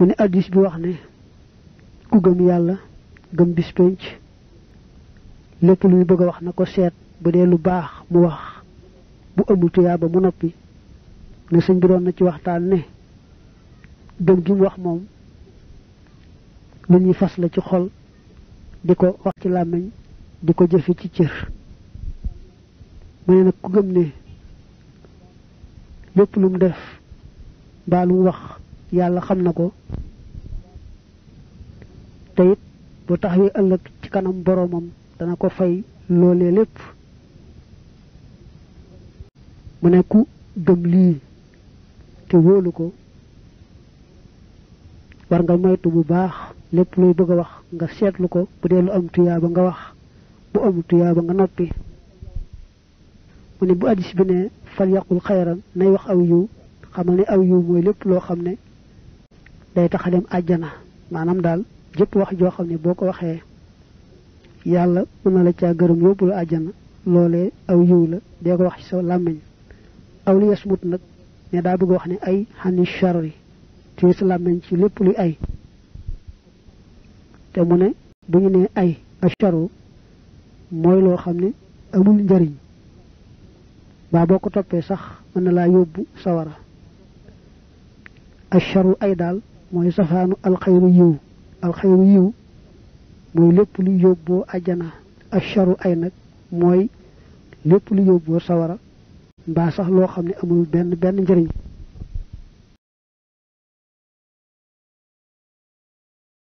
mune ne bi wax ne ku gëm yàlla gëm bis penc lépp luy bëgg a wax na ko seet bu dee lu baax mu wax bu amul tuyaaba mu noppi ne sëñ bi doon na ci waxtaan ne gëm gi mu wax moom ñi fas la ci xol di ko wax ci làmmiñ di ko ci cër mu ne nag ku gëm ne lépp lu mu def mbaa lu wax yàlla xam na ko te it bu taxawee ëllëg ci kanam boromam dana ko fay loolee lépp mu ne ku gëm lii te wóolu ko war nga moytu bu baax lépp luy bëgg a wax nga seetlu ko bu dee lu am tuyaaba nga wax bu amul tuyaaba nga noppi mu ne bu hadis bi ne fal yaqul xayran nay wax aw yiw xamal ne aw yiw mooy lépp loo xam ne day tax a dem àjjana maanaam daal jëpp wax joo xam ne boo ko waxee yàlla mën na la caa gërëm yóbbu la àjjana loolee aw yiw la dee ko wax ci sa làmmiñ aw li yasmut nag ne daa bëgg wax ne ay xani charri ci sa làmmiñ ci lépp luy ay te mu ne bu ñu nee ay acharu mooy loo xam ni amul njariñ baa boo ko toppee sax mën na laa yóbbu sawara acharu ay daal mooy safaanu alxayru yiw alxayru yiw mooy lépp lu yóbboo ak asharu ay nag mooy lépp lu yóbboo sawara mbaa sax loo xam ne amul benn benn njëriñ